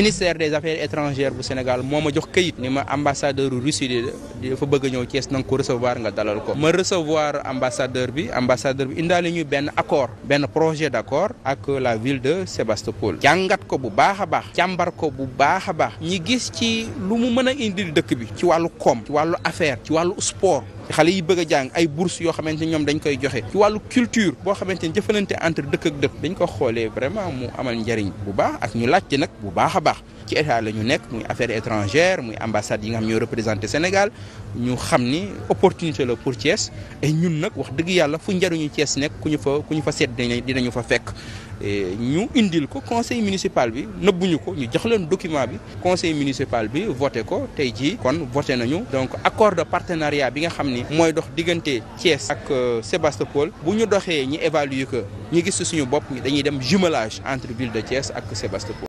ministère des affaires étrangères bu Sénégal moo ma jox kayit ni ma ambassadeur Russie di dafa bëgg ñëw cees na nga ko recevoir nga dalal ko ma recevoir ambassadeur bi ambassadeur bi indaale ñu benn accord benn projet d' accord ak la ville de Sébastopol jàngat ko bu baax a baax càmbar ko bu baax a baax ñi gis ci lu mu mën a indil dëkk bi ci wàllu kom ci wàllu affaire ci wàllu sport xale yi bëgg a jàng ay bourse yoo xamante ni ñoom dañ koy joxe ci wàllu culture boo xamante ni jëfalante entre dëkk ak dëkk dañ ko xoolee vraiment mu amal njariñ bu baax ak ñu laajte nag bu baax a baax ci état la ñu nekk muy affaires étrangères muy ambassade yi nga xam ñoo représenté Sénégal ñu xam ni opportunité la pour Thiès et ñun nag wax dëgg yàlla fu njariñu Thiès nekk ku ñu fa ku ñu fa seet dinañu fa fekk ñu indil ko conseil municipal bi nëbbuñu ko ñu jox leen document bi conseil municipal bi voté ko tey jii kon voté nañu donc accord de partenariat bi nga xam ni mooy dox diggante Thiès ak euh, Sébastopol bu ñu doxee ñu évaluer ko ñu gis suñu bopp dañuy dem jumelage entre de Thiès ak Sébastopol